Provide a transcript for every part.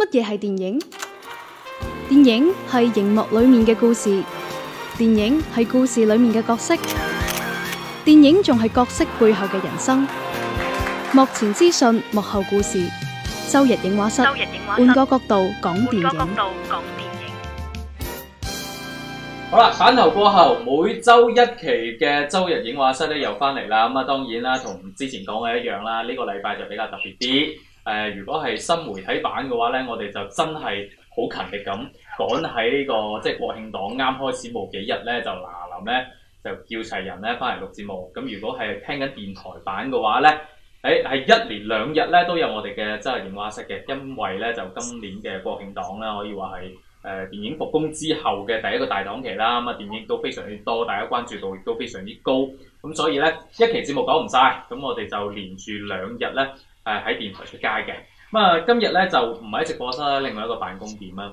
乜嘢係電影？電影係熒幕裏面嘅故事，電影係故事裏面嘅角色，電影仲係角色背後嘅人生。幕前資訊，幕後故事。周日影畫室，換個角度講電影。好啦，反頭過後，每周一期嘅周日影畫室都又翻嚟啦。咁啊，當然啦，同之前講嘅一樣啦。呢個禮拜就比較特別啲。誒、呃，如果係新媒體版嘅話咧，我哋就真係好勤力咁趕喺呢個即係國慶檔啱開始冇幾日咧，就嗱嗱咧就叫齊人咧翻嚟錄節目。咁如果係聽緊電台版嘅話咧，誒、哎、係一連兩日咧都有我哋嘅真係電話式嘅，因為咧就今年嘅國慶檔啦，可以話係誒電影復工之後嘅第一個大檔期啦。咁、嗯、啊，電影都非常之多，大家關注度亦都非常之高。咁所以咧一期節目講唔晒。咁我哋就連住兩日咧。係喺電台出街嘅，咁啊今日咧就唔係喺直播室，另外一個辦公點啦。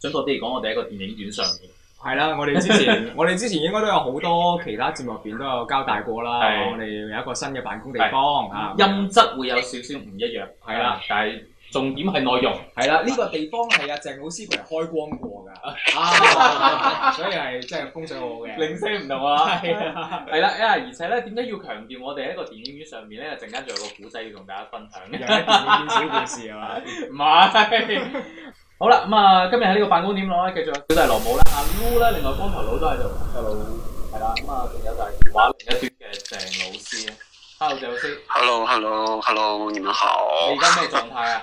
準確啲嚟講我哋一個電影院上面。係啦、啊，我哋之前 我哋之前應該都有好多其他節目入邊都有交代過啦。是啊、我哋有一個新嘅辦公地方啊，是是音質會有少少唔一樣。係啦、啊，啊、但係。重點係內容，係啦，呢個地方係啊鄭老師佢開光過㗎，所以係真係風水好好嘅。鈴聲唔同啊，係啦，而且咧，點解要強調我哋喺個電影院上面咧？陣間仲有個古仔要同大家分享電影院小故事係嘛？唔係，好啦，咁啊今日喺呢個辦公點攞，繼續小弟羅武啦，阿 Loo 啦，另外光頭佬都喺度，Hello，係啦，咁啊仲有就係電話另一端嘅鄭老師，Hello 鄭老師，Hello Hello Hello，你們好。你而家咩狀態啊？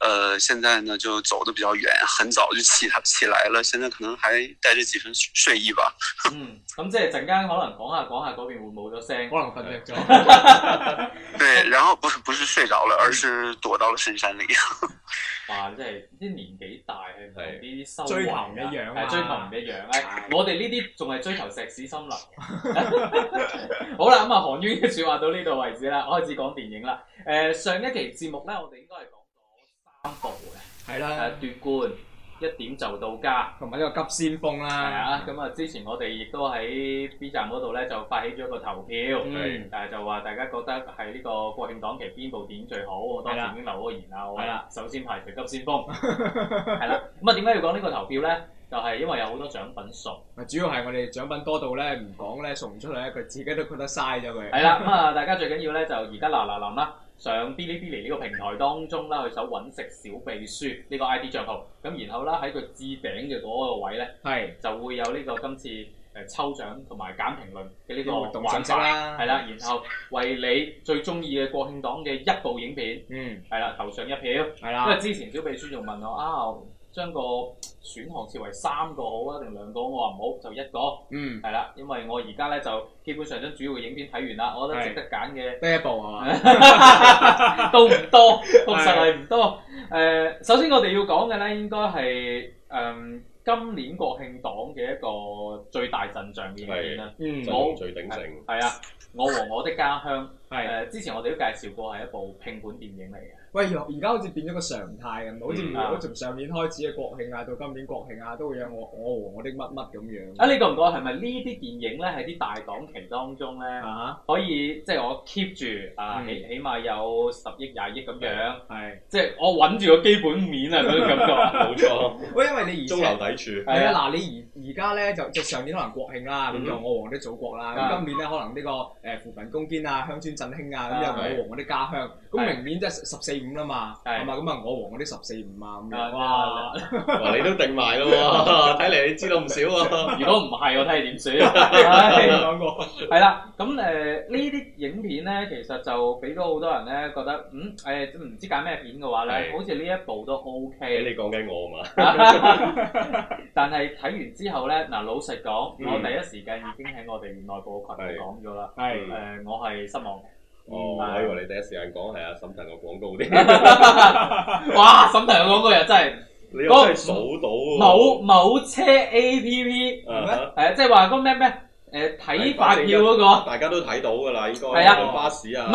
呃，現在呢就走得比較遠，很早就起起來了，現在可能還帶着幾分睡意吧。 嗯，咁即係陣間可能講下講下嗰邊會冇咗聲，可能瞓着咗。 對，然後不是不是睡着了，而是躲到了深山裏。 哇，真係啲年紀大係唔同啲，追夢唔一樣啊！追夢唔一樣，我哋呢啲仲係追求石屎森林。 好啦，咁、嗯、啊、嗯，韓于說話到呢度為止啦，開始講電影啦。誒，上一期節目呢，我哋應該係。三部嘅係啦，奪冠一點就到家，同埋呢個急先鋒啦。係啊，咁啊，之前我哋亦都喺 B 站嗰度咧就發起咗一個投票，嗯，誒就話大家覺得係呢個國慶檔期邊部片最好。我當時已經留咗言啦，係啦，首先排除急先鋒。係啦，咁啊，點解要講呢個投票咧？就係因為有好多獎品送。主要係我哋獎品多到咧，唔講咧送唔出嚟，佢自己都覺得嘥咗佢。係啦，咁啊，大家最緊要咧就而家嗱嗱臨啦。上嗶哩嗶哩呢個平台當中啦，去搜揾食小秘書呢個 I D 賬號，咁然後呢，喺佢置頂嘅嗰個位呢，係是就會有呢、這個今次誒抽獎同埋揀評論嘅呢個，個活動玩法，係啦，然後為你最中意嘅國慶檔嘅一部影片，嗯，係啦，投上一票，係啦的，因為之前小秘書仲問我啊，將、哦、個。選項設為三個好啊，定兩個好？我話唔好，就一個。嗯。係啦，因為我而家咧就基本上將主要嘅影片睇完啦，我覺得值得揀嘅。第一部啊嘛。 都唔多，確實係唔多。誒的、呃，首先我哋要講嘅咧，應該係誒、呃、今年國慶檔嘅一個最大陣仗影片啦。嗯以。最頂盛。係啊，我和我的家鄉。係的。誒、呃，之前我哋都介紹過係一部拼盤電影嚟嘅。喂，而家好似變咗個常態似唔係？好似從上年開始嘅國慶啊，到今年國慶啊，都會有我我和我的乜乜咁樣。啊，你覺唔覺係咪呢啲電影咧喺啲大檔期當中咧，可以即係我 keep 住啊起起碼有十億廿億咁樣？係，即係我穩住個基本面係咪感覺？冇錯。喂，因為你中流砥柱。係啊，嗱，你而而家咧就就上年可能國慶啦，咁就我和我的祖國啦。咁今年咧可能呢個誒扶貧攻堅啊、鄉村振興啊，咁又我和我的家鄉。咁明年即係十四。咁啦嘛，係咪咁啊？是是我和我啲十四五萬咁樣，哇！你都定埋咯喎，睇、啊、嚟你知道唔少喎、啊。 如果唔係我睇你點算？係、啊、啦，咁誒呢啲影片咧，其實就俾咗好多人咧覺得，嗯誒唔、呃、知揀咩片嘅話咧，的好似呢一部都 OK 你。你講緊我嘛？但係睇完之後咧，嗱老實講，嗯、我第一時間已經喺我哋內部群講咗啦。係誒的的、呃，我係失望。哦，oh, No. 我以為你第一時間講係阿沈騰個廣告啲。 哇，沈騰個廣告又真係，你數到某某車 APP，係啊，即係話嗰咩咩誒睇發票嗰、那個，大家都睇到㗎啦，依、這個、啊，巴士啊。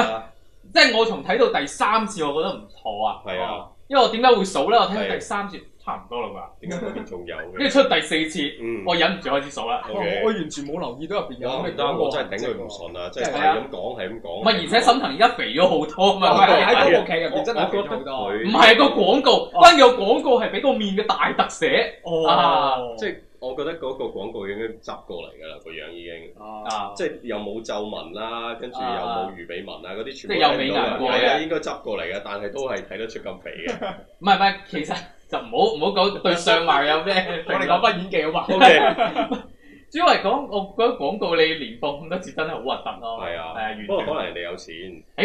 即係、啊就是、我從睇到、啊啊、到第三次，我覺得唔妥啊。係啊，因為我點解會數咧？我睇到第三次。差唔多啦嘛，點解入邊仲有嘅？因為出第四次，我忍唔住開始數啦。我完全冇留意到入邊有。我真係頂佢唔順啊！即係係咁講係咁講。唔係，而且沈騰而家肥咗好多，唔係喺嗰個劇入邊真係肥咗好多。唔係個廣告，關鍵個廣告係俾個面嘅大特寫。哦，即係我覺得嗰個廣告已經執過嚟㗎啦，個樣已經即係又冇皺紋啦，跟住又冇魚尾紋啦，嗰啲全部。即係又美顏過嘅，應該執過嚟嘅，但係都係睇得出咁肥嘅。唔係唔係，其實。就唔好唔好講對上話有咩，我哋講翻演技好嘛？ 主要係講我覺得廣告你連播咁多次真係好核突咯。係啊，啊呃、不過可能人哋有錢。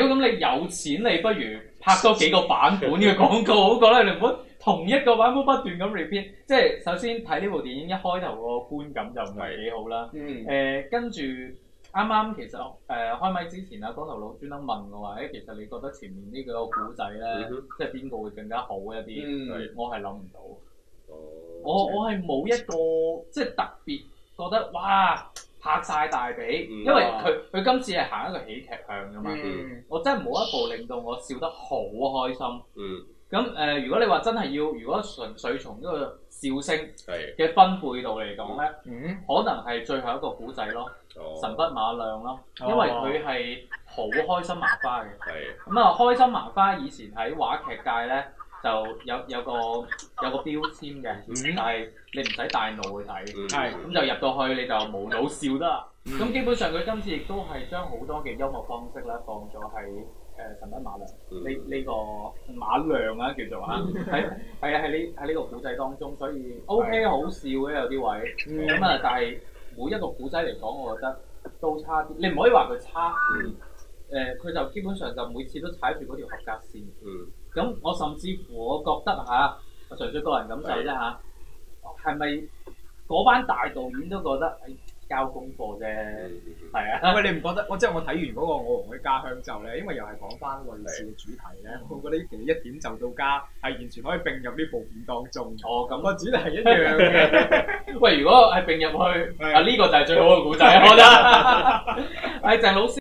如果咁你有錢你不如拍多幾個版本嘅廣告好過啦，你唔好同一個版本不斷咁 repeat。即係首先睇呢部電影一開頭個觀感就唔係幾好啦。嗯。誒、呃，跟住。啱啱其實誒、呃、開咪之前啊，光頭佬專登問我話：誒、哎、其實你覺得前面個呢個古仔咧，mm hmm. 即係邊個會更加好一啲？我係諗唔到，我我係冇一個即係特別覺得哇拍晒大髀，mm hmm. 因為佢佢今次係行一個喜劇向㗎嘛。Mm hmm. 我真係冇一部令到我笑得好開心。咁誒、mm hmm. 呃，如果你話真係要，如果純粹從呢、這個笑聲嘅分配度嚟講咧，嗯、可能係最後一個古仔咯，哦、神筆馬亮咯，哦、因為佢係好開心麻花嘅。咁啊、嗯，開心麻花以前喺話劇界咧就有有個有個標籤嘅，嗯、但係你唔使大腦去睇，咁就入到去你就無腦笑得喇。咁、嗯、基本上佢今次亦都係將好多嘅幽默方式咧放咗喺。誒神筆馬良，呢呢、嗯、個馬良啊叫做啊，喺係啊喺呢喺呢個古仔當中，所以 OK 對好笑嘅有啲位，咁啊、嗯、但係每一個古仔嚟講，我覺得都差啲，你唔可以話佢差。誒佢、嗯呃、就基本上就每次都踩住嗰條合格線。嗯。咁我甚至乎我覺得吓、啊，我純粹個人感受啫吓，係咪嗰班大導演都覺得？哎交功課啫，係啊！喂，你唔覺得？我即係我睇完嗰個我和我嘅家鄉之後咧，因為又係講翻歷史嘅主題咧，嗯、我覺得呢段一點就到家，係完全可以並入呢部片當中。哦，咁個主題係一樣嘅。喂，如果係並入去、uh，啊呢個就係最好嘅故仔。我覺得係鄭老師。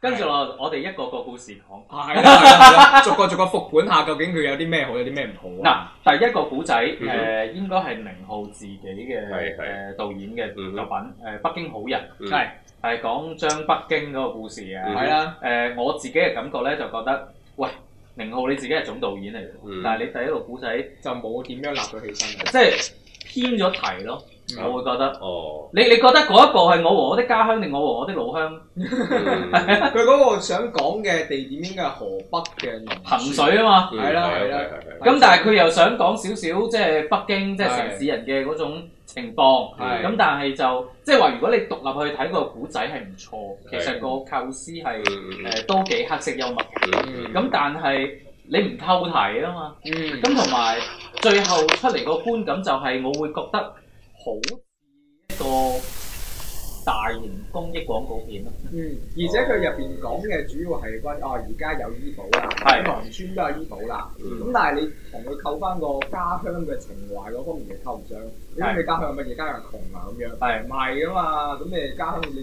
跟住落，我哋一個個故事講的， 逐個逐個復盤下，究竟佢有啲咩好，有啲咩唔好嗱、啊，Now, 第一個古仔，誒、mm hmm. 呃、應該係寧浩自己嘅誒、mm hmm. 呃、導演嘅作品，誒、mm hmm. 呃、北京好人，係係講張北京嗰個故事、mm hmm. 啊。係、呃、啊，誒我自己嘅感覺咧，就覺得，喂，寧浩你自己係總導演嚟嘅，mm hmm. 但係你第一個古仔就冇點樣立到起身，mm hmm. 即係偏咗題咯。我會覺得，哦、oh.，你你覺得嗰一部係《我和我的家鄉》定《我和我的老鄉》 嗯？佢嗰個想講嘅地點應該係河北嘅衡水啊嘛，係啦係啦。咁、嗯、但係佢又想講少少，即係北京，即係城市人嘅嗰種情況。咁的、嗯、但係就即係話，就是、如果你獨立去睇、個古仔係唔錯，其實個構思係誒都幾黑色幽默。咁、嗯嗯、但係你唔透題啊嘛，咁同埋最後出嚟個觀感就係我會覺得，好似一個大型公益廣告片咯，嗯，而且佢入邊講嘅主要係關於哦，而家有醫保啦，啲農的村都有醫保啦，咁、嗯、但係你同佢扣翻個家鄉嘅情懷嗰方面嘅扣唔上，咁的你家鄉乜嘢？家鄉窮啊咁樣，係唔係啊嘛？咁你家鄉你，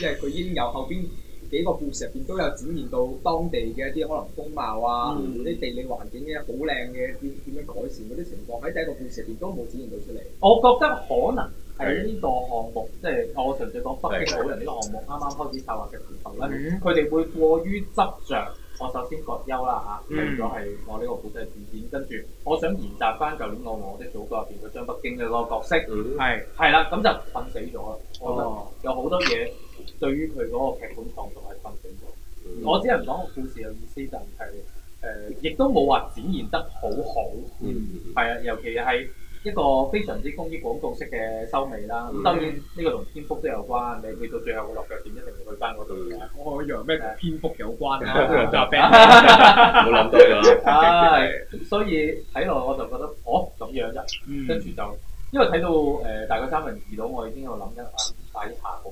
因為佢已經有後邊。幾個故事入邊都有展現到當地嘅一啲可能風貌啊，啲、嗯、地理環境嘅好靚嘅點點樣改善嗰啲情況喺第一個故事入邊都冇展現到出嚟。我覺得可能喺呢個項目，即係的我純粹講北京好人呢個項目啱啱開始策劃嘅時候咧，佢哋的、嗯、會過於執著。我首先葛優啦嚇，咗係、嗯、我呢個故事嘅片尾，跟住我想延續翻舊年我同我的祖國入邊嗰張北京嘅嗰個角色，係係啦，咁就瞓死咗啦。哦，有好多嘢。對於佢嗰個劇本創作係困擾咗，我只能講個故事嘅意思就係誒，亦都冇話展現得好好，嗯，係啊，尤其係一個非常之公益廣告式嘅收尾啦。咁當然呢個同篇幅都有關，你你到最後嘅落腳點，一定要去翻嗰度嘅。我以為咩同篇幅有關啊？冇諗到啦！唉，所以睇落我就覺得，哦，咁樣啫，跟住就因為睇到誒大概三分二度，我已經喺度諗一啊快啲下個。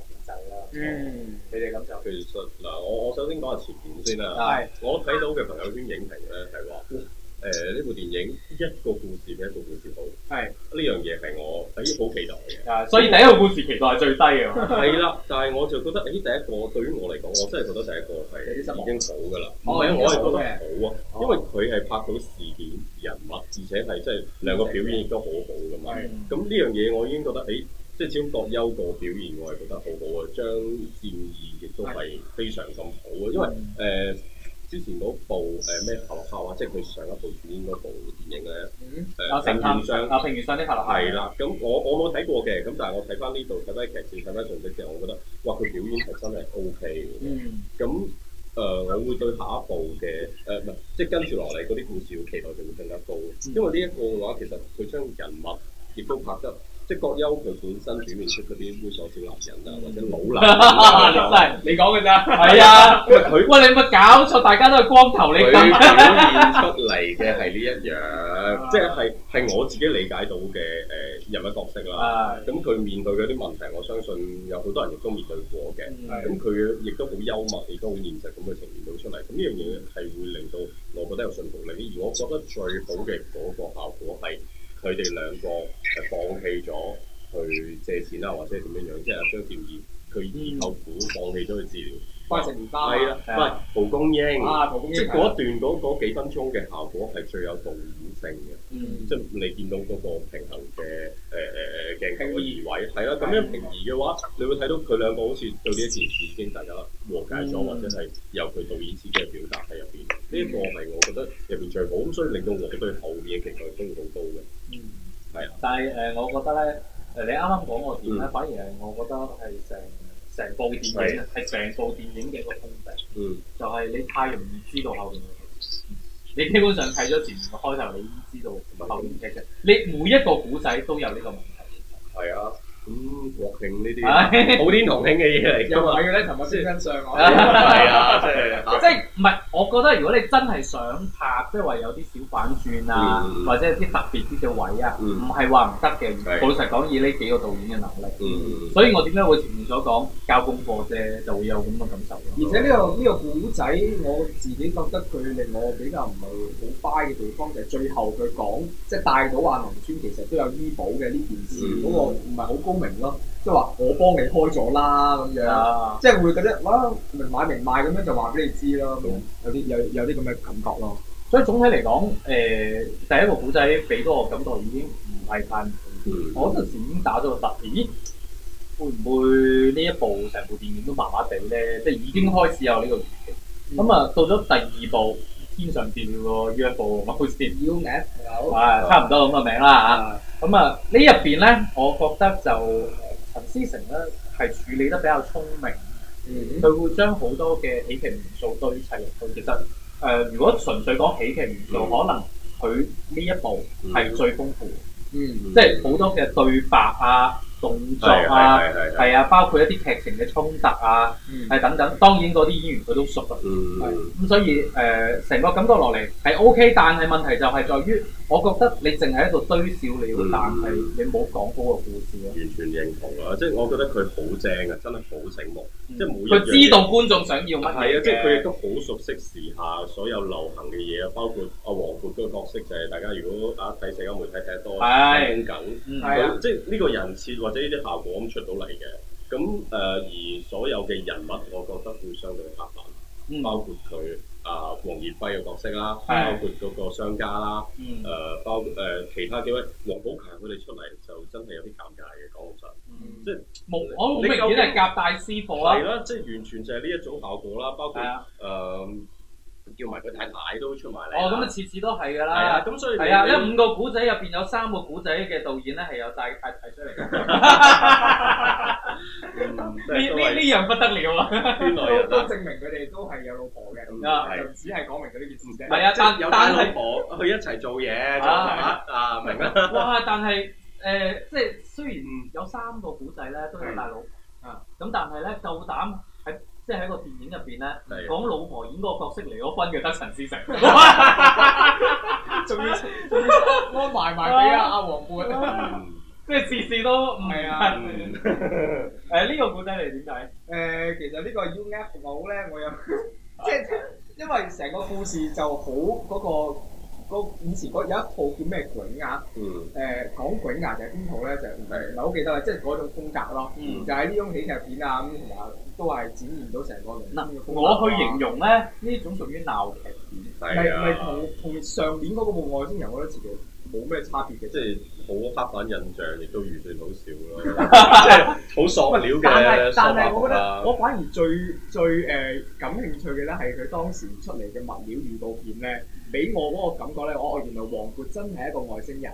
嗯，你哋感受？其實嗱，我我首先講下前面先啊。係是。我睇到嘅朋友圈影評咧係話，誒、就、呢、是呃、部電影一個故事比一個故事好。係是。呢樣嘢係我誒好期待嘅、啊。所以第一個故事期待係最低嘅。嘛。係啦，但係我就覺得，誒、欸、第一個對於我嚟講，我真係覺得第一個係已經好㗎啦。我係我係覺得好啊，Okay. 因為佢係拍到事件人物，而且係即係兩個表演亦都好好㗎嘛。咁呢、嗯嗯、樣嘢我已經覺得誒。欸即係始終葛優個表現，我係覺得好好啊！張善義亦都係非常咁好啊！因為誒之前嗰部誒咩《夏洛特》啊，即係佢上一部主演嗰部電影咧，誒《平原上》《平原上的夏洛特》係啦。咁我我冇睇過嘅，咁但係我睇翻呢度睇翻劇情、睇翻敘述嘅，我覺得哇，佢表演係真係 O K 嘅。嗯。咁誒，我會對下一部嘅誒唔係，即係跟住落嚟嗰啲故事，期待就會更加高。因為呢一個嘅話，其實佢將人物亦都拍得。即葛優佢本身表現出嗰啲猥瑣小男人啊，或者老男人，真係你講嘅咋？係啊，唔係佢喎，你有冇搞錯，大家都係光頭你，你咁。表現出嚟嘅係呢一樣， 即係係我自己理解到嘅誒人物角色啦。咁佢 面對嗰啲問題，我相信有好多人亦、 嗯、都面對過嘅。咁佢亦都好幽默，亦都好現實咁去呈現到出嚟。咁呢樣嘢係會令到我覺得有信服力。而我覺得最好嘅嗰個效果係。佢哋兩個係放棄咗去借錢啦，或者係點樣樣，即係有張調研，佢後苦放棄咗去治療。花石蓮係啦，唔係蒲公英啊，蒲公英即係嗰段嗰的幾分鐘嘅效果係最有導演性嘅，即係、嗯、你見到嗰個平衡嘅誒誒誒鏡頭移位，係啦的。咁樣平移嘅話，你會睇到佢兩個好似對呢一件事已經大家和解咗，嗯、或者係由佢導演自己嘅表達喺入邊。呢一個係我覺得入邊最好，所以令到我對後面嘅期待都好高嘅。係但係誒、呃，我覺得咧，誒、呃、你啱啱講個點咧，嗯、反而係我覺得係成成部電影咧，係成是部電影嘅一個通病，嗯、就係你太容易知道後邊嘅劇，你基本上睇咗前面嘅開頭，你已經知道後邊劇情，的你每一個古仔都有呢個問題。係啊。咁國慶呢啲普天同慶嘅嘢嚟㗎嘛，有位㗎咧，頭先上我係啊，即係唔係，我覺得如果你真係想拍，即係話有啲小反轉啊，或者有啲特別啲嘅位啊，唔係話唔得嘅。老實講，以呢幾個導演嘅能力，所以我點解會前面所講交功課啫，就會有咁嘅感受。而且呢個呢個古仔，我自己覺得佢令我比較唔係好 buy 嘅地方，就係最後佢講，即係帶到話農村其實都有醫保嘅呢件事，嗰個唔係好公。明咯，即係話我幫你開咗啦咁樣，即係會覺得，哇，明買明賣咁樣就話俾你知咯，有啲有有啲咁嘅感覺咯。所以總體嚟講，誒第一個古仔俾到我感覺已經唔係太，我嗰陣時已經打咗個突，咦，會唔會呢一部成部電影都麻麻地咧？即係已經開始有呢個預期。咁啊，到咗第二部天上掉個 UFO，係差唔多咁嘅名啦嚇。咁啊，呢入邊呢，我覺得就、呃、陳思成咧係處理得比較聰明，佢、嗯嗯、會將好多嘅喜劇元素堆砌入去。其實，誒、呃，如果純粹講喜劇元素，嗯、可能佢呢一部係最豐富，嗯嗯、即係好多嘅對白啊。動作啊，係啊，包括一啲劇情嘅衝突啊，係等等。當然嗰啲演員佢都熟啊，咁所以誒成個感覺落嚟係 O K，但係問題就係在於，我覺得你淨係喺度堆笑，你但係你冇講好個故事咯。完全認同啊！即係我覺得佢好正啊，真係好醒目，即係佢知道觀眾想要乜嘢。即係佢亦都好熟悉時下所有流行嘅嘢，啊，包括阿黃渤嘅角色就係大家如果啊睇社交媒體睇得多。係認緊，即係呢個人設。或者呢啲效果咁出到嚟嘅，咁誒、呃、而所有嘅人物，我覺得會相對夾板，包括佢啊黃賢輝嘅角色啦，包括嗰個商家啦，誒、嗯呃，包誒、呃、其他幾位王寶強佢哋出嚟就真係有啲尷尬嘅講唔上即係冇好明顯係夾大師傅啦，係啦、這個，即係完全就係呢一種效果啦，包括誒。嗯叫埋佢太太都出埋嚟。哦，咁啊，次次都係噶啦。咁所以係啊，有五個古仔入邊有三個古仔嘅導演咧，係有大太太出嚟。呢呢呢樣不得了啊！原來都證明佢哋都係有老婆嘅。啊，只係講明佢呢件事啫。係啊，即係有老婆去一齊做嘢。啊啊，明啦。哇！但係誒，即係雖然有三個古仔咧都係大佬啊，咁但係咧夠膽喺。即係喺個電影入邊咧，講的老婆演嗰個角色離咗婚嘅得陳思成，仲 要安埋埋幾啊阿黃渤， 即係事事都唔係啊！誒呢個故仔嚟點睇？誒、 呃、其實呢個 U F O 咧，我又，即係 因為成個故事就好嗰、那個。個以前嗰有一套叫咩囧嘅嚇，誒、嗯呃、講囧嘅就係邊套咧？就誒唔係好記得啦，即係嗰種風格咯，嗯、就係呢種喜劇片啊，咁同埋都係展現到成個明星、啊、我去形容咧，呢、啊、種屬於鬧劇片，係咪同同上年嗰個《外星人》我覺得自己。冇咩差別嘅，即係好刻板印象，亦都完全好笑咯，即係好塑料嘅，但係，但係我覺得我反而最最誒感興趣嘅咧，係佢當時出嚟嘅物料預告片咧，俾我嗰個感覺咧，我我原來黃渤真係一個外星人。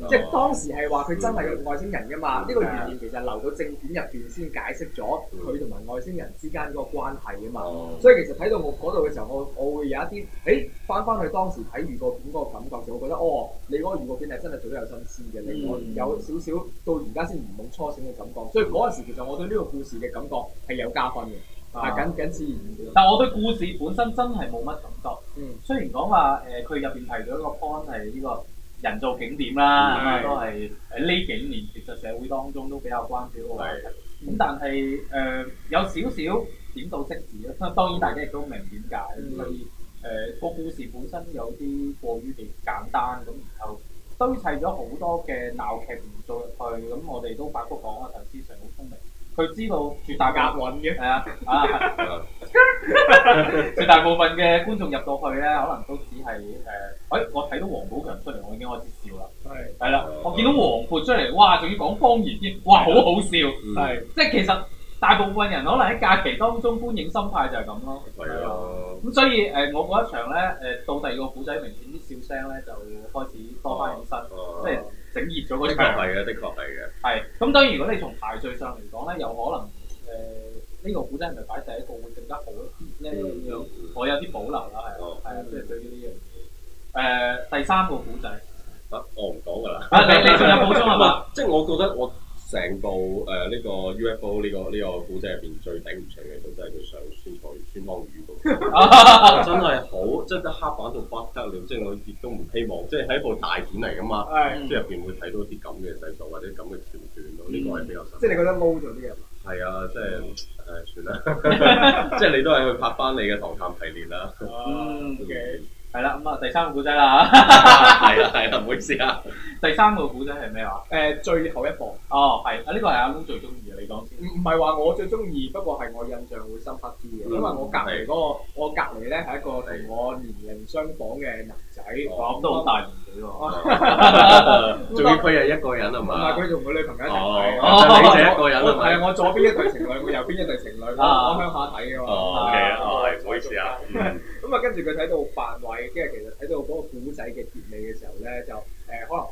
嗯、即係當時係話佢真係個外星人噶嘛？呢、嗯、個預言其實留到正片入邊先解釋咗佢同埋外星人之間嗰個關係啊嘛。嗯、所以其實睇到我嗰度嘅時候我，我我會有一啲誒翻翻去當時睇預告片嗰個感覺，就會覺得哦，你嗰個預告片係真係做得有心思嘅，有少少到而家先唔同初醒嘅感覺。所以嗰陣、哦、時其實我對呢個故事嘅感覺係有加分嘅，嗯、但係僅僅止於呢但係我對故事本身真係冇乜感覺。雖然講話誒，佢入邊提到一個 point 係呢個。人造景點啦、啊，咁啊的都係喺呢幾年，其實社會當中都比較關注嘅。咁的但係誒、呃、有少少點到即止咯。當然大家亦都明點解，嗯、所以誒個、呃、故事本身有啲過於嘅簡單，咁然後堆砌咗好多嘅鬧劇唔做入去，咁我哋都發覺講啊投資上好聰明。佢知道絕大壓韻嘅，係啊，啊係，絕大部分嘅觀眾入到去咧，可能都只係誒，喂、呃，我睇到王寶強出嚟，我已經開始笑啦，係，係啦，我見到黃渤出嚟，哇，仲要講方言添，哇，好好笑，係、嗯，即係其實大部分人可能喺假期當中觀影心態就係咁咯，係啊的，咁、嗯、所以誒、呃，我嗰一場咧，誒到第二個古仔，明顯啲笑聲咧就開始多翻起身。即係、啊。啊啊整熱咗嗰啲係啊，的確係嘅。係，咁當然如果你從排序上嚟講咧，有可能誒呢、呃，這個古仔係咪擺第一個會更加好咧？有、嗯嗯、我有啲保留啦，係，係啊、哦，即係、就是、對於呢樣嘢。誒、呃，第三個古仔。我唔講㗎啦。你你仲有補充係嗎？ 即係我覺得我。成部誒呢、呃呢個 UFO 呢、呢個呢、呢個古仔入邊最頂唔順嘅部都係佢上宣傳、孫方宇部，真係好真係黑板度不得了，即係我亦都唔希望。即係喺部大片嚟噶嘛，即係入邊會睇到啲咁嘅細節或者咁嘅橋段咯。呢個係比較、嗯、即係你覺得 low 咗啲係嘛？係啊，即係誒算啦，即、呃、係 你都係去拍翻你嘅《唐探、啊》系列啦。OK。係啦，咁啊第三個古仔啦，係啊係啊，唔好意思啊。第三個古仔係咩話？誒最後一部，哦，係啊，呢個係阿公最中意嘅。你講先，唔唔係話我最中意，不過係我印象會深刻啲嘅，嗯、因為我隔離嗰、那個，嗯、我隔離咧係一個同的我年齡相仿嘅男仔，哦、我都好大。嗯仲要佢係一個人啊嘛，唔係佢同佢女朋友一齊。哦，就你一個人啊係啊！我左邊一對情侶，我右邊一對情侶，我鄉下睇嘅嘛。哦，唔係，係，唔好意思啊。咁啊、嗯， 跟住佢睇到范偉，即係其實睇到嗰個故仔嘅結尾嘅時候咧，就。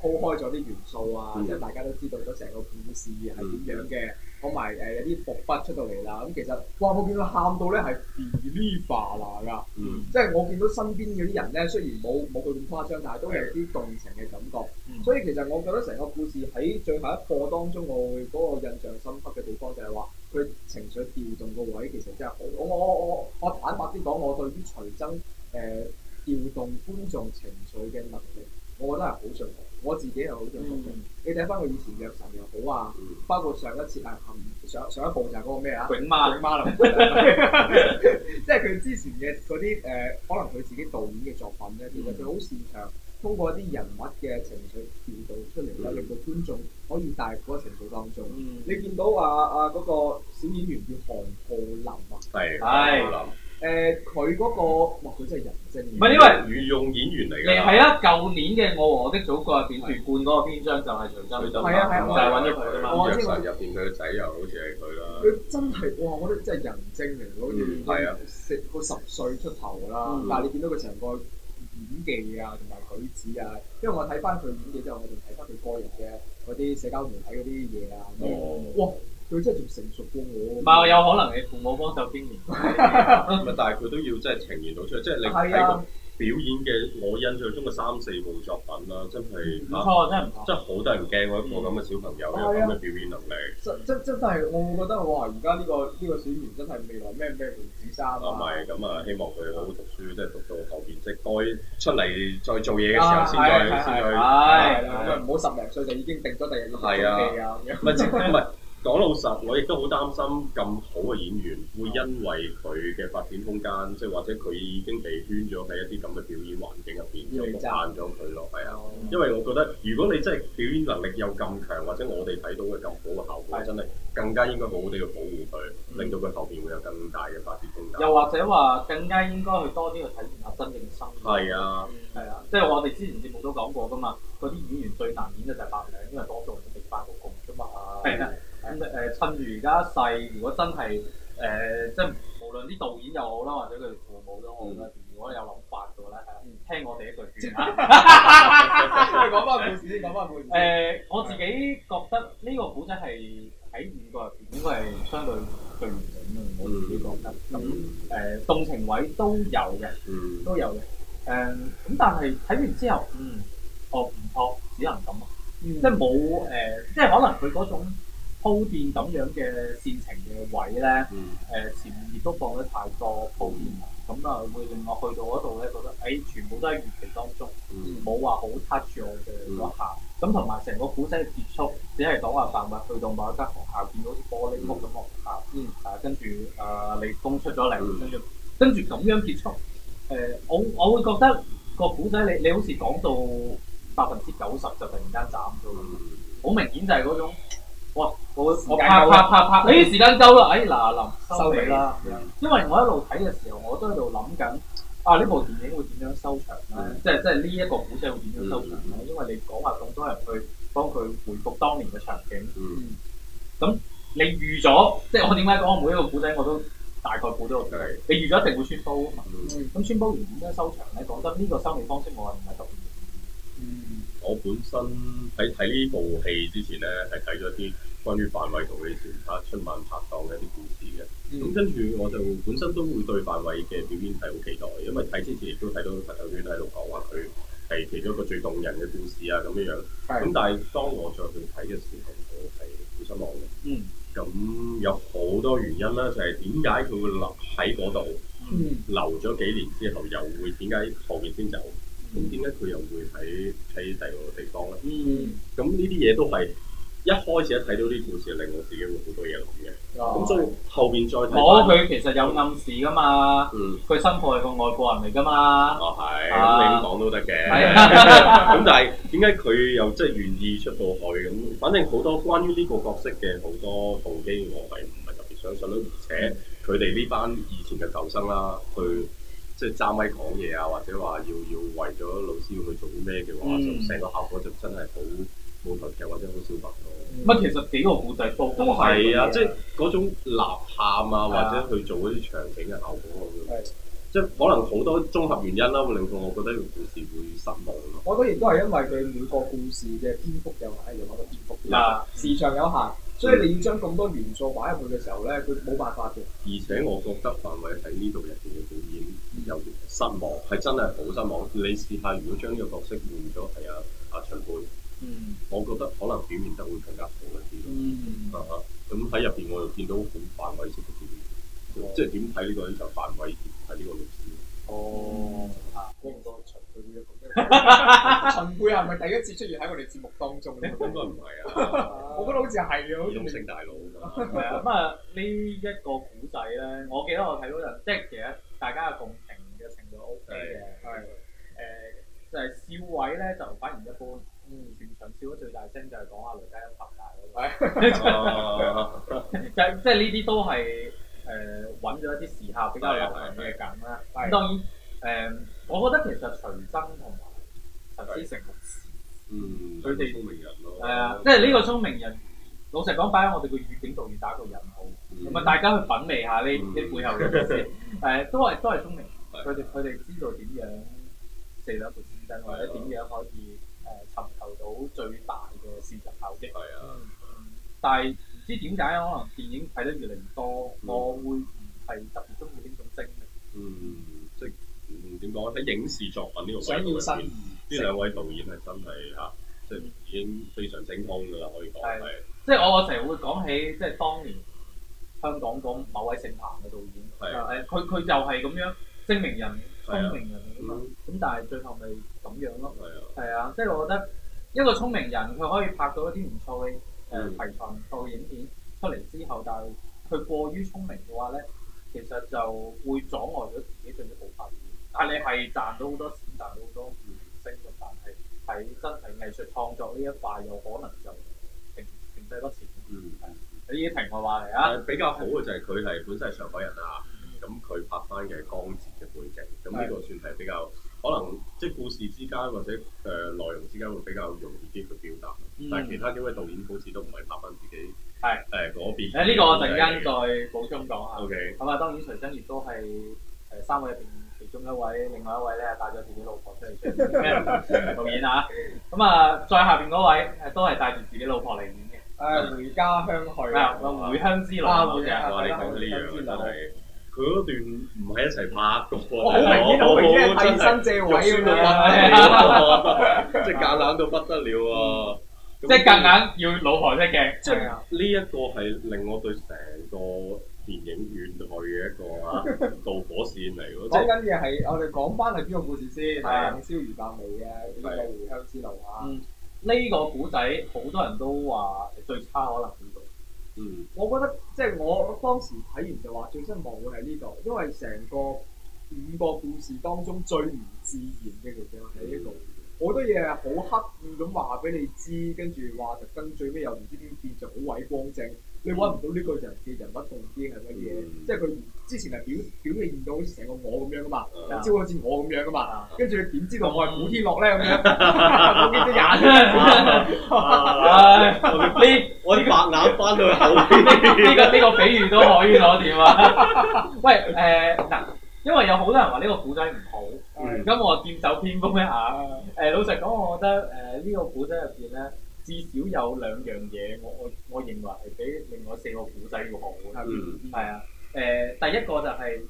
鋪開咗啲元素啊，嗯、即係大家都知道咗成個故事係點樣嘅，同埋誒有啲伏筆出到嚟啦。咁其實哇，我見到喊到咧係 believable 㗎，嗯、即係我見到身邊嗰啲人咧，雖然冇冇佢咁誇張，但係都有啲動情嘅感覺。嗯、所以其實我覺得成個故事喺最後一課當中，我會嗰個印象深刻嘅地方就係話佢情緒調動個位其實真係好。我我我我，我坦白啲講，我對於徐崢誒調動觀眾情緒嘅能力，我覺得係好進我自己又好中意，嗯、你睇翻佢以前藥神又好啊，嗯、包括上一次啊，上上一部就係嗰個咩啊？囧媽，囧媽，即係佢之前嘅嗰啲誒，可能佢自己導演嘅作品咧，其實佢好擅長通過一啲人物嘅情緒調動出嚟啦，嗯、令到觀眾可以帶入嗰個情緒當中。嗯、你見到話啊嗰、啊嗰個小演員叫韓昊霖啊，係，係。誒佢嗰個，哇！佢真係人精，唔係因為御用演員嚟㗎。係啊，舊年嘅《我和我的祖國》入邊奪冠嗰個篇章就係徐崢，係啊係啊，就係揾咗佢啊嘛。入神入邊佢個仔又好似係佢啦。佢真係，哇！我覺得真係人精嚟，嗰邊係啊，四個十歲出頭啦。但係你見到佢成個演技啊，同埋舉止啊，因為我睇翻佢演技之後，我仲睇翻佢個人嘅嗰啲社交媒體嗰啲嘢啊。哇！佢真係仲成熟過我。唔係，有可能你父母幫手經營。唔係，但係佢都要真係呈現到出嚟，即係你睇表演嘅。我印象中嘅三四部作品啦，真係唔錯，真係唔錯，真係好得人驚，我一個咁嘅小朋友嘅咁嘅表演能力。即即即係我會覺得，嘩而家呢個呢個小員真係未來咩咩黃子珊啊。唔係咁啊，希望佢好好讀書，即係讀到夠年紀即該出嚟再做嘢嘅時候先再先再。唔好十零歲就已經定咗第二個。係啊，唔係講老實，我亦都好擔心咁好嘅演員會因為佢嘅發展空間，即係或者佢已經被圈咗喺一啲咁嘅表演環境入邊，而限制咗佢咯，係啊。因為我覺得，如果你真係表演能力又咁強，或者我哋睇到佢咁好嘅效果，真係更加應該好好哋去保護佢，令到佢後面會有更大嘅發展空間。又或者話，更加應該去多啲去體驗下真正生活。係啊，係啊，即係我哋之前節目都講過噶嘛，啲演員最難演嘅就係白領，因為多趁住而家細，如果真係誒、呃，即係無論啲導演又好啦，或者佢哋父母都好啦，嗯、如果你有諗法嘅話咧、呃，聽我哋一句。 講翻故事先，講翻故事。誒、呃，我自己覺得呢個古仔係喺五個入邊應該係相對最唔緊㗎，我自己覺得。咁誒、嗯呃，動情位都有嘅，都有嘅。誒、呃，咁但係睇完之後，嗯，哦，唔錯，只能咁咯、嗯呃。即係冇誒，即係可能佢嗰種。鋪墊咁樣嘅線程嘅位咧，誒、嗯呃、前面亦都放得太多鋪墊啦，咁啊會令我去到嗰度咧覺得，誒，全部都喺預期當中，冇話好 touch 我嘅一下。咁同埋成個古仔嘅結束，只係講話範密去到某一間學校見到啲玻璃屋嘅學校，誒、跟住啊李峯出咗嚟，跟住、呃嗯、跟住咁樣結束。誒、呃、我我會覺得個古仔你你好似講到百分之九十就突然間斬咗，好、嗯、明顯就係嗰種。哇！我我拍拍拍拍，啲時間夠啦！哎嗱臨收尾啦，因為我一路睇嘅時候，我都喺度諗緊，啊呢部電影會點樣收場咧？即係即係呢一個古仔會點樣收場咧？因為你講話咁多人去幫佢回復當年嘅場景，咁你預咗，即係我點解講每一個古仔我都大概估到佢，你預咗一定會穿煲啊嘛。咁穿煲完點樣收場咧？講真，呢個收尾方式我係唔係特別。我本身喺睇呢部戲之前咧，係睇咗啲關於范偉同佢其他春晚拍檔嘅一啲故事嘅。咁、嗯、跟住我就本身都會對范偉嘅表演係好期待，因為睇之前亦都睇到朋友圈喺度講話佢係其中一個最動人嘅故事啊咁樣樣。咁、嗯嗯嗯、但係當我再去睇嘅時候，我係好失望嘅。咁、嗯、有好多原因啦，就係點解佢會留喺嗰度留咗幾年之後，又會點解後面先走？咁點解佢又會喺喺第二個地方咧？咁呢啲嘢都係一開始一睇到呢故事，令我自己會好多嘢諗嘅。咁所以後面再睇，我佢、oh, 其實有暗示噶嘛。佢新抱係個外國人嚟噶嘛。哦，係。咁、uh, 你咁講都得嘅。咁、uh, 但係點解佢又即係願意出到去咁？反正好多關於呢個角色嘅好多動機，我係唔係特別相信咯。而且佢哋呢班以前嘅舊生啦，去、mm。Hmm. 即係站咪講嘢啊，或者話要要為咗老師去做啲咩嘅話，嗯、就成個效果就真係好舞台劇或者好小白咯。乜、嗯、其實幾個故仔都係啊，即係嗰種吶喊啊，或者去做嗰啲場景嘅效果，的即係可能好多綜合原因啦，會令到我覺得個故事會失望咯。我當然都係因為佢每個故事嘅篇幅有限，又冇得篇幅。嗱，時長有限。所以你要將咁多元素擺入去嘅時候咧，佢冇辦法嘅。而且我覺得范偉喺呢度入邊嘅表演有啲失望，係、嗯、真係好失望。你試下如果將呢個角色換咗係阿阿長輩，嗯，我覺得可能表現得會更加好一啲。嗯嗯。啊咁喺入邊我又見到好范偉式嘅表演，即係點睇呢個呢？就范偉喺呢個。陳貝係咪第一次出現喺我哋節目當中咧？應該唔係啊，我覺得好似係好永盛大佬。係啊 en，咁啊呢一個古仔咧，我記得我睇到人，即係其實大家嘅共情嘅程度 O K 嘅。係。誒就係笑位咧就反而一般，嗯，全場笑得最大聲就係講下雷家欣發大。係。就係即係呢啲都係誒揾咗一啲時下比較流行嘅梗啦。咁當然誒，我覺得其實徐崢同。啲成同嗯，佢哋係啊，即係呢個聰明人，老實講擺喺我哋個語境度要打個引號，同埋大家去品味下呢啲背後嘅意思都係都係聰明，佢哋佢哋知道點樣四兩撥千斤，或者點樣可以誒尋求到最大嘅市場效益。係啊，但係唔知點解可能電影睇得越嚟越多，我會唔係特別中意呢種精力。嗯，即係點講喺影視作品呢個。想要新意。呢兩位導演係真係嚇，即係已經非常精通噶啦，可以講係。即係我我成日會講起，即係當年香港個某位姓譚嘅導演，誒佢佢就係咁樣聰明人，聰明人咁，咁但係最後咪咁樣咯。係啊，即係我覺得一個聰明人，佢可以拍到一啲唔錯嘅誒題材、唔錯嘅影片出嚟之後，但係佢過於聰明嘅話咧，其實就會阻礙咗自己進一步發展。但係你係賺到好多錢，賺到好多。喺真係藝術創作呢一塊，又可能就停停滯不前。嗯，係。你已經評話話嚟啊！比較好嘅就係佢係本身係上海人啊，咁佢拍翻嘅江浙嘅背景，咁呢個算係比較可能，即係故事之間或者誒內容之間會比較容易啲去表達。但係其他啲位導演好似都唔係拍翻自己。係。誒嗰邊？誒呢個陣間再補充講下。O K。咁啊，當然徐真亦都係誒三個入邊。其中一位，另外一位咧，帶咗自己老婆出嚟導演啊，咁啊，再下邊嗰位都係帶住自己老婆嚟演嘅，回家鄉去啊，回鄉之就路啊，你講呢樣係佢嗰段唔係一齊拍嘅喎，我我我身正為即係夾硬到不得了喎，即係夾硬要老婆出鏡，呢一個係令我對成個電影院內嘅一個導火線嚟嘅，講緊嘢係我哋講返係邊個故事先？係《燒魚百味》啊，《回鄉之路》呢個古仔，好多人都話最差可能呢度。嗯。我覺得即係我當時睇完就話最失望會係呢度，因為成個五個故事當中最唔自然嘅地方喺呢度，好多嘢係好刻意咁話俾你知，跟住話特登最尾又唔知點變就好偉光正。你揾唔到呢個人嘅人物動機係乜嘢？即係佢之前係表表現到好似成個我咁樣啊嘛，招好似我咁樣啊嘛，跟住點知道我係古天樂咧咁樣？我呢隻眼，我啲我啲白眼翻到去後邊，呢、這個呢、這個比喻都可以攞掂啊？喂誒嗱、呃，因為有好多人話呢個古仔唔好，咁我劍走偏鋒一下誒，uh, 老實講，我覺得誒呢個古仔入邊咧。至少有兩樣嘢，我我我認為係比另外四個古仔要好。嗯。係啊，誒、呃，第一個就係、是、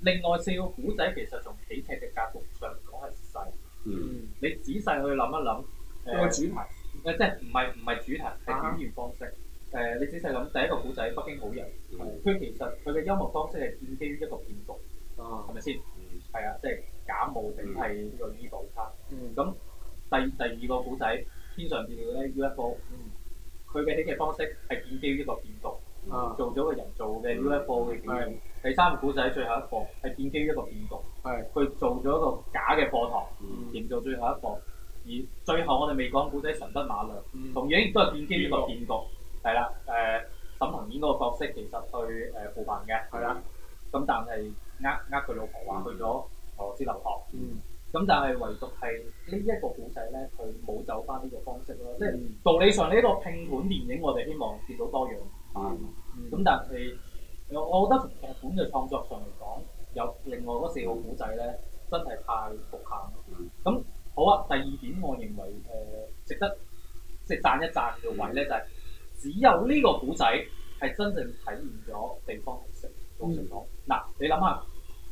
另外四個古仔其實從喜劇嘅格局上講係細。嗯。你仔細去諗一諗。呃、個主題。誒、呃，即係唔係唔係主題，係表現方式。誒、啊呃，你仔細諗，第一個古仔《北京好人》嗯，佢其實佢嘅幽默方式係奠基於一個片局，係咪先？係啊，即係假冒定係呢個醫保卡。嗯。咁、嗯、第二第二個古仔，天上掉咧 UFO，佢嘅喜劇方式係建基於呢個騙局，做咗個人造嘅 UFO 嘅騙局。第三個古仔最後一課係建基於一個騙局，佢做咗一個假嘅課堂，營造最後一課。而最後我哋未講古仔神筆馬良，同樣亦都係建基於呢個騙局。係啦，誒沈騰演嗰個角色其實去誒扶貧嘅，咁但係呃呃佢老婆話去咗俄羅斯留學。咁但係唯獨係呢一個古仔咧，佢冇走翻呢個方式咯。即係、嗯、道理上，呢、這、一個拼盤電影，我哋希望見到多樣。嗯。咁、嗯嗯、但係我我覺得從劇本嘅創作上嚟講，有另外嗰四個古仔咧，真係太局限。嗯。咁好啊。第二點，我認為誒、呃、值得即係讚一讚嘅位咧，嗯、就係只有呢個古仔係真正體現咗地方特色，嗯嗯。嗯。講實講，嗱，你諗下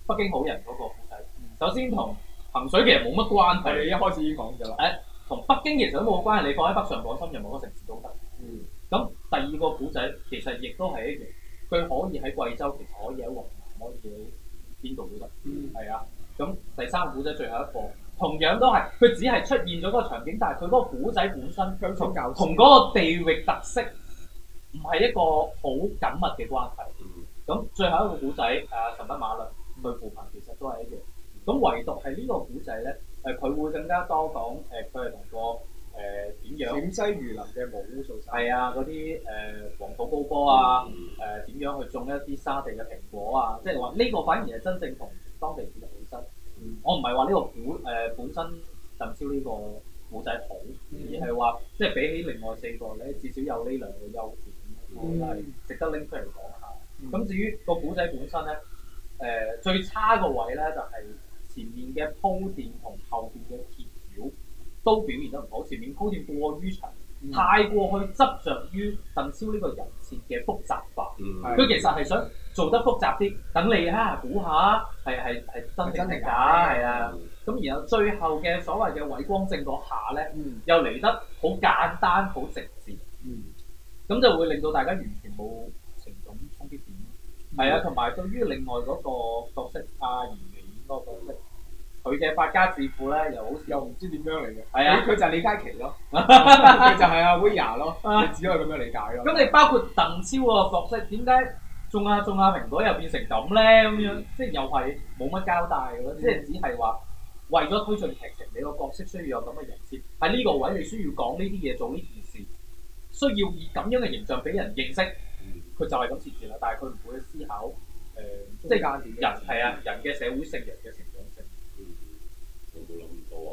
北京好人嗰個古仔，首先同行水其實冇乜關係，的一開始已經講咗啦。誒、哎，同北京其實都冇關係，你放喺北上廣深任何個城市都得。嗯。咁第二個古仔其實亦都係一樣，佢可以喺貴州，其實可以喺黃南，可以喺邊度都得。嗯。係啊。咁第三個故仔最後一個，同樣都係，佢只係出現咗嗰個場景，但係佢嗰個故仔本身、嗯，從教從嗰個地域特色，唔係一個好緊密嘅關係。咁、嗯嗯、最後一個古仔，誒、呃、神筆馬亮去扶貧，其實都係一樣。咁唯獨係呢個古仔咧，誒，佢會更加多講誒，佢係同個誒，點樣陝西榆林嘅毛烏素沙，係啊嗰啲，誒，黃土高坡啊，誒點樣去種一啲沙地嘅蘋果啊？即係話呢個反而係真正同當地嘅本身，我唔係話呢個古，誒本身鄧超呢個古仔好，而係話即係比起另外四個咧，至少有呢兩個優點，係值得拎出嚟講下。咁至於個古仔本身咧，誒最差個位咧就係。前面嘅鋪墊同後面嘅揭曉都表現得唔好，前面鋪墊過於長，嗯、太過去執着於鄧超呢個人設嘅複雜化，佢、嗯、其實係想做得複雜啲，等你啊估下係係係真定假係啊！咁、啊啊、然後最後嘅所謂嘅偉光正嗰下咧，嗯、又嚟得好簡單好直接，咁、嗯嗯、就會令到大家完全冇情感衝擊點。係啊，同埋對於另外嗰個角色阿嚴美嗰個角色。啊啊佢嘅發家致富咧，又好似又唔知點樣嚟嘅。係啊，佢就係李佳琪咯，佢就係阿 Weir 咯，只可以咁樣理解咯。咁你包括鄧超個角色，點解種下種下蘋果又變成咁咧？咁樣即係又係冇乜交代嗰啲，即係只係話為咗推進劇情，你個角色需要有咁嘅人設喺呢個位，你需要講呢啲嘢，做呢件事，需要以咁樣嘅形象俾人認識。佢就係咁設定啦，但係佢唔會思考誒，即係間諜人係啊，人嘅社會性，人嘅性。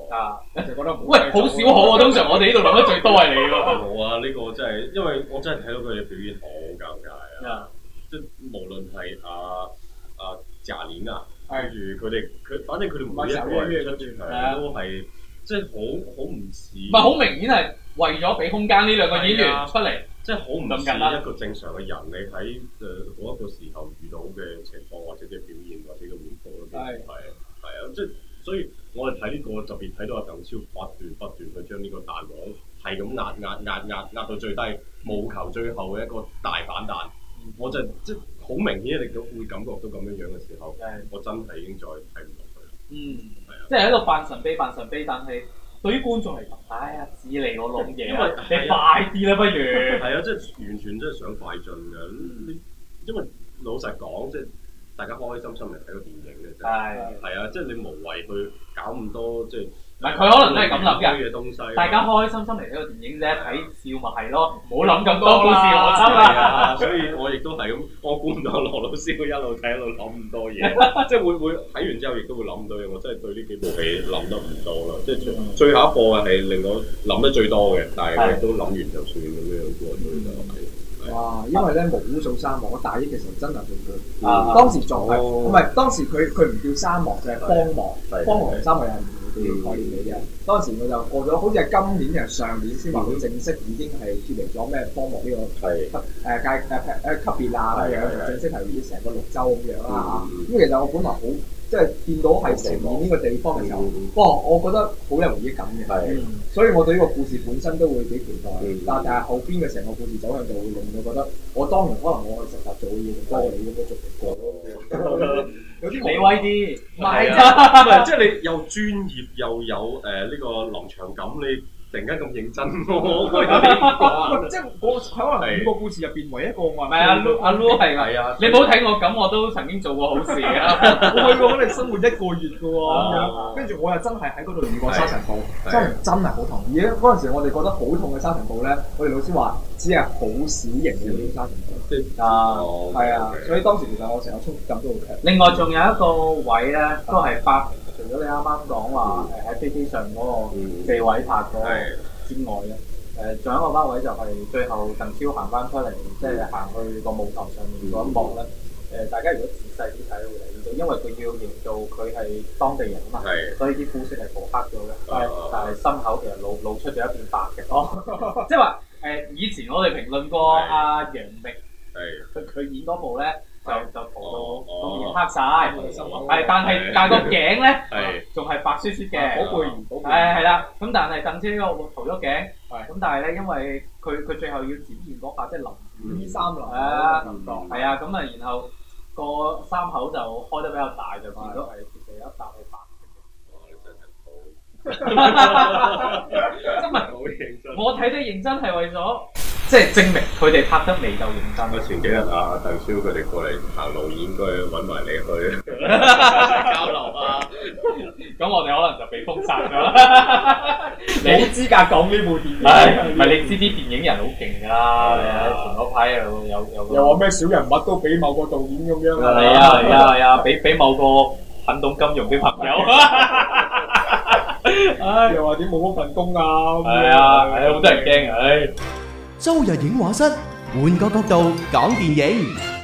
啊！一直覺得唔喂，好少好啊！通常我哋呢度諗得最多係你喎、嗯。好、嗯、啊！呢個真係，因為我真係睇到佢哋表現好尷尬啊！Yeah. 即係無論係啊啊，賈玲啊，例住佢哋，佢反正佢哋每一個人出場都係、啊、即係好好唔似。唔係好明顯係為咗俾空間呢兩個演員出嚟，即係好唔似一個正常嘅人，你喺誒嗰一個時候遇到嘅情況，或者啲表現，或者個面部嗰啲係啊，即係。所以，我哋睇呢個特別睇到阿鄧超不斷不斷去將呢個彈簧係咁壓壓壓壓壓到最低，務求最後嘅一個大反彈。嗯、我就即係好明顯，你都會感覺到咁樣樣嘅時候，嗯、我真係已經再睇唔落去。嗯，係啊，即係一度扮神秘、扮神秘，但係對於觀眾嚟講，哎呀，至嚟我老嘢，因為你快啲啦 不如。係 啊，即係完全真係想快進嘅。因為老實講即係。大家開開心心嚟睇個電影嘅啫，係啊，即係你無謂去搞咁多即係。嗱，佢可能都係咁諗嘅，東西。大家開開心心嚟睇個電影啫，睇笑咪係咯，冇諗咁多故事我真係。所以我亦都係咁，我估唔到羅老師會一路睇一路諗咁多嘢，即係會會睇完之後亦都會諗到嘢。我真係對呢幾部戲諗得唔多啦，即係最最後一課嘅係令我諗得最多嘅，但係都諗完就算咁呢個哇！因為咧，蒙古做沙漠，我大一嘅時候真係去過，當時做，唔係當時佢佢唔叫沙漠，就係荒漠，荒漠同沙漠係唔同啲概念嚟嘅。當時我就過咗，好似係今年定係上年先話佢正式已經係脫離咗咩荒漠呢個級誒階誒誒級別啦咁樣，正式係成個綠洲咁樣啦嚇。咁其實我本來好。即係見到係成現呢個地方嘅時候，不哇、嗯哦！我覺得好有歷史感嘅，的所以我對呢個故事本身都會幾期待。的但係後邊嘅成個故事走向就會令到我覺得，我當然可能我去實習做嘅嘢仲多你咁做逐漸有啲偉威啲，唔即係你又專業又有誒呢、呃呢個臨場感你。突然間咁認真，即係我可能五個故事入面唯一個，我係咪阿阿 Loo 係啊？你冇睇我咁，我都曾經做過好事啊！我去過，我哋生活一個月嘅喎，跟住我又真係喺嗰度遇過沙塵暴，真真係好痛。而嗰陣時我哋覺得好痛嘅沙塵暴咧，我哋老師話只係好小型嘅沙塵暴，啊，係啊，所以當時其實我成日觸感都好強。另外仲有一個位咧，都係百。除咗你啱啱講話誒喺飛機上嗰個座位拍嗰之外咧，誒仲的有一個班位就係最後鄧超行翻出嚟，即係行去個舞台上面嗰一幕咧。誒、呃、大家如果仔細啲睇會睇到，因為佢要營造佢係當地人啊嘛，的所以啲膚色係磨黑咗嘅，的但係心口其實露露出咗一片白嘅，即係話誒以前我哋評論過阿、啊、楊冪，佢佢的演嗰部咧。個面黑晒，係但係但個頸咧，仲係白雪雪嘅，好背，係係啦。咁但係鄧超呢個塗咗頸，咁但係咧，因為佢佢最後要展現嗰下即係男衣衫男嘅，係啊，咁啊，然後個三口就開得比較大啫嘛。都係一笪係白，真係好認真。我睇你認真係為咗。即係證明佢哋拍得未夠用心啊！前幾日啊，鄧超佢哋過嚟行路演，應該揾埋你去交流啊！咁我哋可能就被封殺咗。冇資格講呢部電影。係你知啲電影人好勁㗎啦？前嗰排有又有。又話咩小人物都俾某個導演咁樣。係啊係啊係啊！俾俾某個很懂金融嘅朋友。唉！又話點冇咗份工啊？係啊！係好多人驚唉。周日影畫室，換個角度講電影。